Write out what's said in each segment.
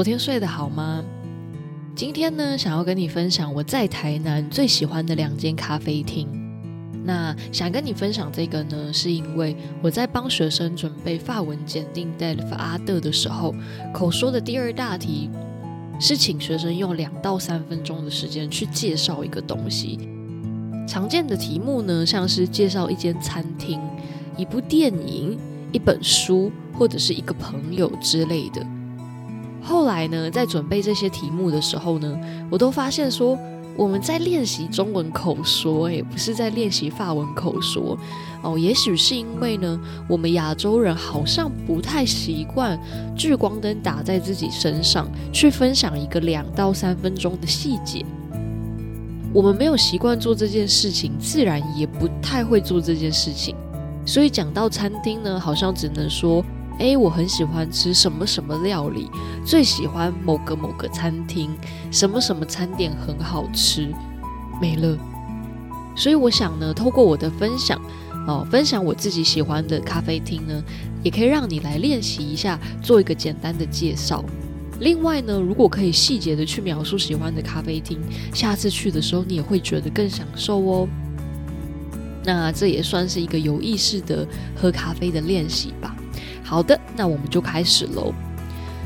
昨天睡得好嗎？今天呢，想要跟你分享我在台南最喜歡的兩間咖啡廳。那想跟你分享這個呢，是因為我在幫學生準備法文檢定 DELF A2 的時候，口說的第二大題是請學生用兩到三分鐘的時間去介紹一個東西。常見的題目呢，像是介紹一間餐廳、一部電影、一本書，或者是一個朋友之類的。後來呢，在準備這些題目的時候呢，我都發現說，我們在練習中文口說，也不是在練習法文口說，哦，也許是因為呢，我們亞洲人好像不太習慣聚光燈打在自己身上去分享一個兩到三分鐘的細節，我們沒有習慣做這件事情，自然也不太會做這件事情。所以講到餐廳呢，好像只能說。欸，我很喜歡吃什麼什麼料理，最喜歡某個某個餐廳，什麼什麼餐點很好吃，沒了。所以我想呢，透過我的分享，哦，分享我自己喜歡的咖啡廳呢，也可以讓你來練習一下，做一個簡單的介紹。另外呢，如果可以細節的去描述喜歡的咖啡廳，下次去的時候你也會覺得更享受哦。那這也算是一個有意識的喝咖啡的練習吧。好的，那我們就開始嘍。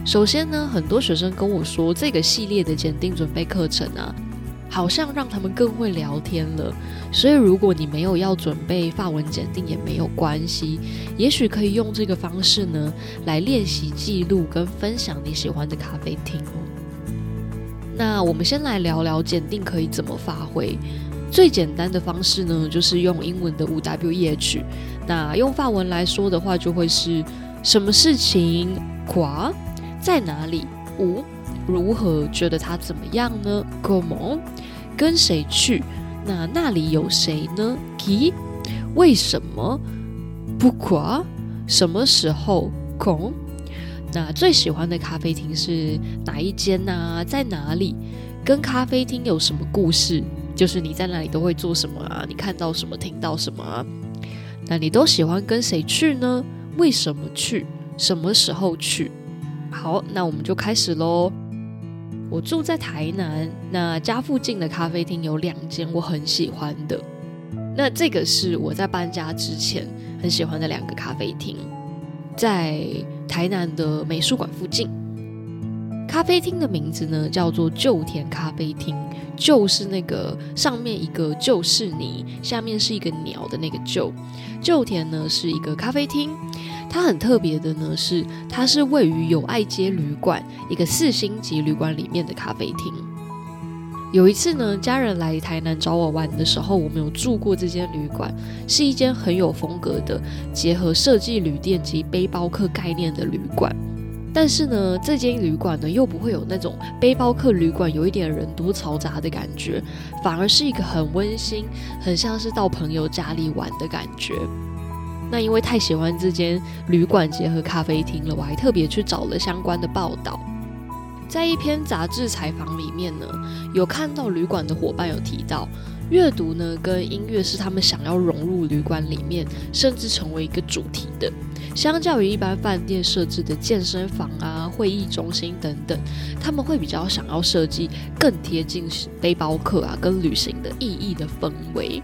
首先呢，很多學生跟我說，這個系列的檢定準備課程啊，好像讓他們更會聊天了。所以，如果你沒有要準備法文檢定也沒有關係，也許可以用這個方式呢，來練習記錄跟分享你喜歡的咖啡廳哦。那我們先來聊聊檢定可以怎麼發揮。最簡單的方式呢，就是用英文的五 W E H。那用法文來說的話，就會是。什麼事情？Quoi，在哪裡？Où、哦、如何覺得他怎麼樣呢 Comment，跟誰去？那那裡有誰呢 Qui 為什麼？Pourquoi？什麼時候？Quand？那最喜歡的咖啡廳是哪一間呢、啊？在哪裡？跟咖啡廳有什麼故事？就是你在那裡都會做什麼啊？你看到什麼？聽到什麼啊？那你都喜歡跟誰去呢？為什麼去？什麼時候去？好，那我們就開始嘍。我住在台南，那家附近的咖啡廳有兩間我很喜歡的。那這個是我在搬家之前很喜歡的兩個咖啡廳，在台南的美術館附近。咖啡廳的名字呢，叫做鳩田咖啡廳，鳩、就是那個上面一個就是九，下面是一個鳥的那個鳩。鳩田呢，是一個咖啡廳。它很特別的呢，是它是位於友愛街旅館，一個四星級旅館裡面的咖啡廳。有一次呢，家人來台南找我玩的時候，我們有住過這間旅館，是一間很有風格的，結合設計旅店及背包客概念的旅館。但是呢，這間旅館呢，又不會有那種背包客旅館有一點人多嘈雜的感覺，反而是一個很溫馨、很像是到朋友家裡玩的感覺。那因為太喜歡這間旅館結合咖啡廳了，我還特別去找了相關的報道。在一篇雜誌採訪裡面呢，有看到旅館的夥伴有提到，閱讀呢，跟音樂是他們想要融入旅館裡面，甚至成為一個主題的。相較於一般飯店設置的健身房啊、會議中心等等，他們會比較想要設計更貼近背包客啊跟旅行的意義的氛圍。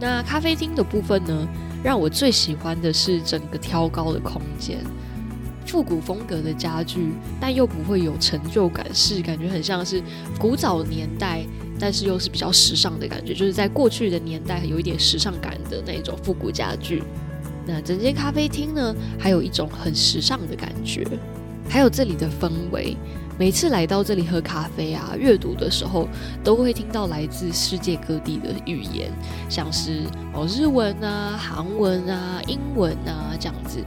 那咖啡廳的部分呢，讓我最喜歡的是整個挑高的空間，復古風格的家具，但又不會有陳舊感，是感覺很像是古早年代。但是又是比較時尚的感覺，就是在過去的年代有一點時尚感的那種復古家具。那整間咖啡廳呢，還有一種很時尚的感覺，還有這裡的氛圍。每次來到這裡喝咖啡啊、閱讀的時候，都會聽到來自世界各地的語言，像是哦日文啊、韓文啊、英文啊這樣子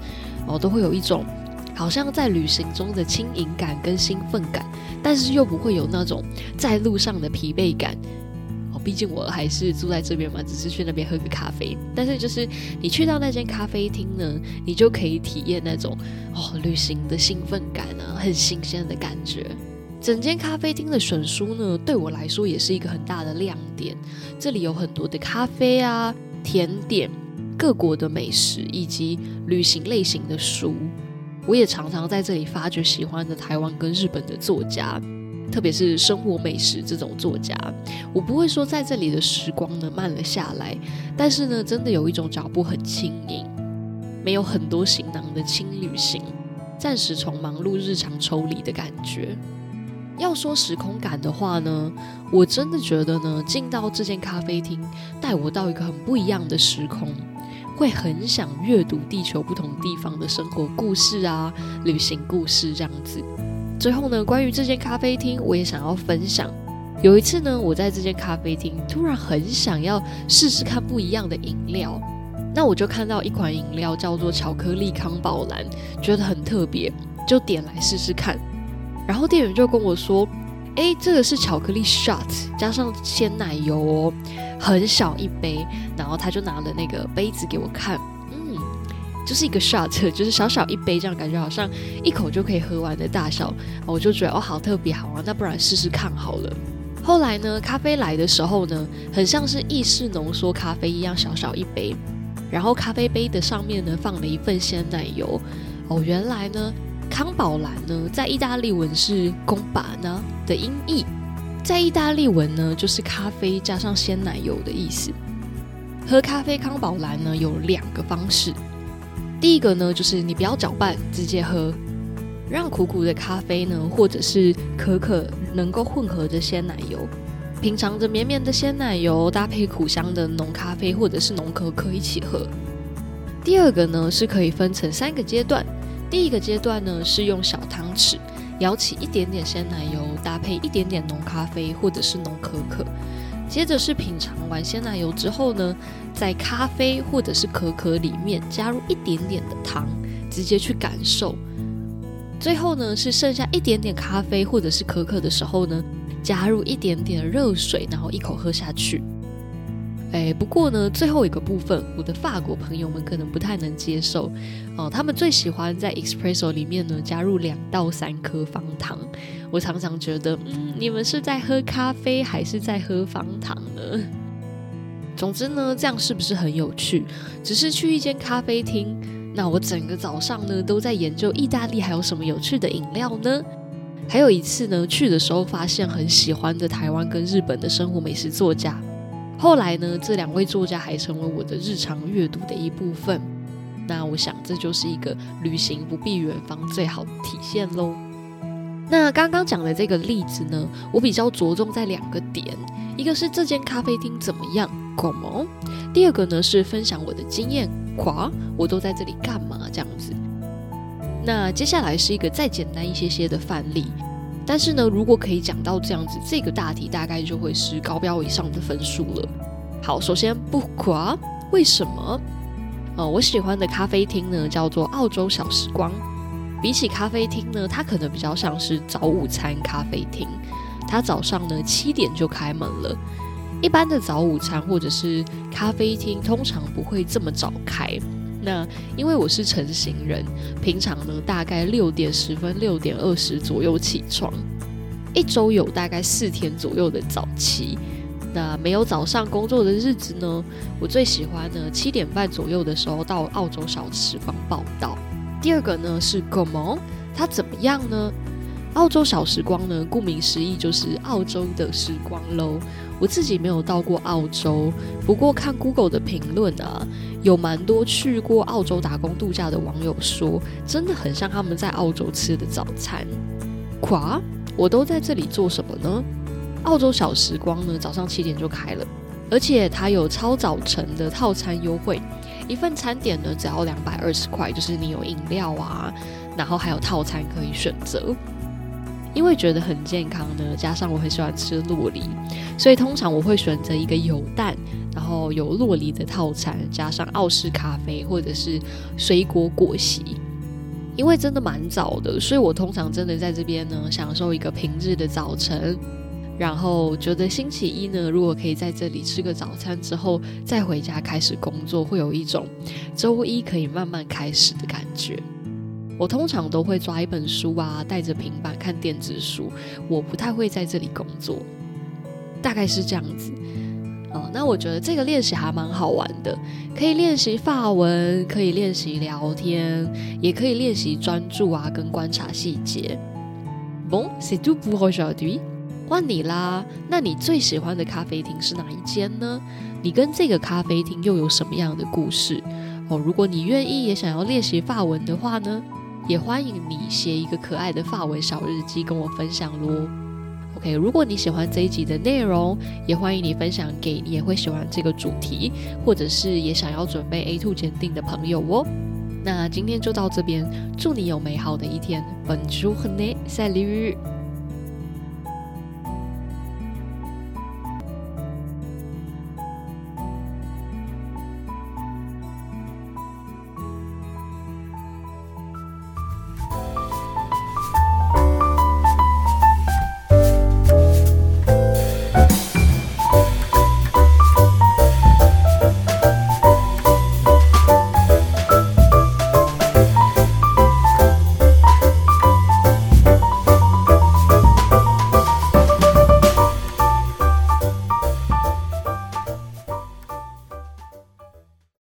哦，都會有一種。好像在旅行中的輕盈感跟興奮感，但是又不會有那種在路上的疲憊感。哦，畢竟我還是住在這邊嘛，只是去那邊喝個咖啡。但是就是你去到那間咖啡廳呢，你就可以體驗那種，哦，旅行的興奮感啊，很新鮮的感覺。整間咖啡廳的選書呢，對我來說也是一個很大的亮點。這裡有很多的咖啡啊、甜點、各國的美食以及旅行類型的書。我也常常在這裡發掘喜歡的台灣跟日本的作家，特別是生活美食這種作家。我不會說在這裡的時光呢，慢了下來，但是呢，真的有一種腳步很輕盈，沒有很多行囊的輕旅行，暫時從忙碌日常抽離的感覺。要說時空感的話呢，我真的覺得呢，進到這間咖啡廳，帶我到一個很不一樣的時空。會很想閱讀地球不同地方的生活故事啊，旅行故事這樣子。最後呢，關於這間咖啡廳，我也想要分享。有一次呢，我在這間咖啡廳突然很想要試試看不一樣的飲料，那我就看到一款飲料叫做巧克力康寶藍，覺得很特別，就點來試試看。然後店員就跟我說：“哎，這個是巧克力 shot 加上鮮奶油哦。”很小一杯，然後他就拿了那個杯子給我看，嗯，就是一個 shot，就是小小一杯這樣，感覺好像一口就可以喝完的大小，哦、我就覺得哦，好特別，好啊，那不然試試看好了。後來呢，咖啡來的時候呢，很像是意式濃縮咖啡一樣，小小一杯，然後咖啡杯的上面呢，放了一份鮮奶油。哦，原來呢，康寶藍呢，在意大利文是“宮堡”呢的音譯。在意大利文呢，就是咖啡加上鮮奶油的意思。喝咖啡康寶藍呢，有兩個方式，第一個呢就是你不要攪拌，直接喝，讓苦苦的咖啡呢或者是可可能夠混合着鮮奶油，品嘗着綿綿的鮮奶油搭配苦香的濃咖啡或者是濃可可一起喝。第二個呢是可以分成三個階段，第一個階段呢是用小湯匙舀起一點點鮮奶油。搭配一點點濃咖啡或者是濃可可，接着是品嘗完鮮奶油之後呢，在咖啡或者是可可裡面加入一點點的糖，直接去感受。最後呢，是剩下一點點咖啡或者是可可的時候呢，加入一點點熱水，然後一口喝下去。哎、欸，不過呢，最後一個部分，我的法國朋友們可能不太能接受哦。他們最喜歡在 espresso 裡面呢加入兩到三顆方糖。我常常覺得，嗯，你們是在喝咖啡還是在喝方糖呢？總之呢，這樣是不是很有趣？只是去一間咖啡廳，那我整個早上呢都在研究意大利還有什麼有趣的飲料呢？還有一次呢，去的時候發現很喜歡的台灣跟日本的生活美食作家。後來呢，這兩位作家還成為我的日常閱讀的一部分。那我想，這就是一個旅行不必遠方最好的體現嘍。那剛剛講的這個例子呢，我比較着重在兩個點，一個是這間咖啡廳怎麼樣，comment？第二個呢是分享我的經驗，quoi，我都在這裡幹嘛這樣子。那接下來是一個再簡單一些些的範例。但是呢，如果可以講到這樣子，這個大題大概就會是高標以上的分數了。好，首先，不管為什麼？呃、哦，我喜歡的咖啡廳呢叫做澳洲小時光。比起咖啡廳呢，它可能比較像是早午餐咖啡廳。它早上呢七點就開門了，一般的早午餐或者是咖啡廳通常不會這麼早開。那因為我是晨型人，平常呢大概六點十分、六點二十左右起床，一周有大概四天左右的早起。那沒有早上工作的日子呢，我最喜歡呢七點半左右的時候到澳洲小時光報到。第二個呢是 GOMO，它怎麼樣呢？澳洲小時光呢，顧名思義就是澳洲的時光嘍。我自己沒有到過澳洲，不過看 Google 的評論啊。有蠻多去過澳洲打工度假的網友說，真的很像他們在澳洲吃的早餐。垮，我都在這裡做什麼呢？澳洲小時光呢，早上七點就開了，而且它有超早晨的套餐優惠，一份餐點呢只要兩百二十塊，就是你有飲料啊，然後還有套餐可以選擇。因為覺得很健康呢，加上我很喜歡吃酪梨，所以通常我會選擇一個有蛋，然後有酪梨的套餐，加上澳式咖啡或者是水果果昔。因為真的蠻早的，所以我通常真的在這邊呢享受一個平日的早晨，然後覺得星期一呢，如果可以在這裡吃個早餐之後再回家開始工作，會有一種周一可以慢慢開始的感覺。我通常都會抓一本書啊，帶着平板看電子書。我不太會在這裡工作，大概是這樣子。哦，那我覺得這個練習還蠻好玩的，可以練習法文，可以練習聊天，也可以練習專注啊，跟觀察細節。b 這誰都不好小對，換你啦！那你最喜歡的咖啡廳是哪一間呢？你跟這個咖啡廳又有什麼樣的故事？哦，如果你願意也想要練習法文的話呢，也歡迎你寫一個可愛的法文小日記跟我分享嘍。OK，如果你喜歡這一集的內容，也歡迎你分享給你也會喜歡這個主題，或者是也想要準備 A2 檢定的朋友哦。那今天就到這邊，祝你有美好的一天。Bonne journée, salut.